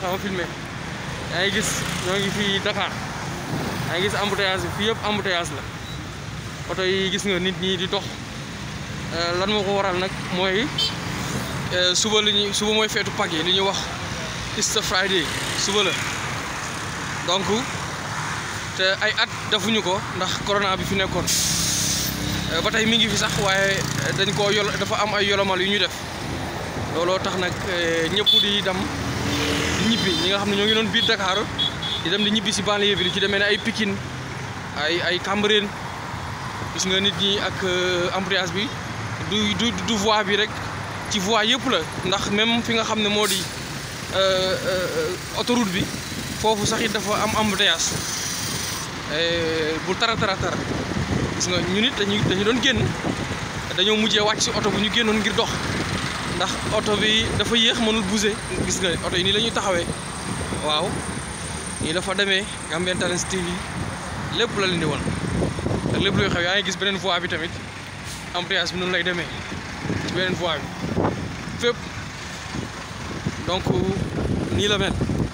xaw ma filmé yaa gis ñoo ngi fii Dakar yaa gis embouteillage bi fii yëpp embouteillage la oto yi gis nga nit ñi di dox euh, lan moo ko waral nag mooy euh, suba li ñuy suba mooy feetu Pâques yi li ñuy wax Easter Friday suba la donc te ay at defuñu ko ndax corona bi fi nekkoon euh, ba tey mi ngi fi sax waaye dañ koo dafa am ay yolomal yu ñu def looloo tax nag ñëpp di dem di ñibbi ñi nga xam ñoo ngi doon biir Dakar di dem di ñibbi si banlieue bi ci demene ay Pikine ay ay Cambérène gis nga nit ñi ak euh, embouteillage bi du du du voix bi rek ci voix yépp la ndax même fi nga xam modi euh euh autoroute bi fofu sax it dafa am euh bu tara tara tara gis nga ñun nit dañuy dañu doon genn dañu mujjé wacc ci auto bu ñu gennon ngir dox ndax oto bi dafa yéex mënul bouger gis nga oto yi nii la ñuy taxawee waaw nii dafa demee Gambian Talents TV lépp la leen di won ak lépp luy xew yaa ngi gis beneen voie bi tamit embouteillage bi noonu lay demee ci beneen voie bi fépp donc nii la mel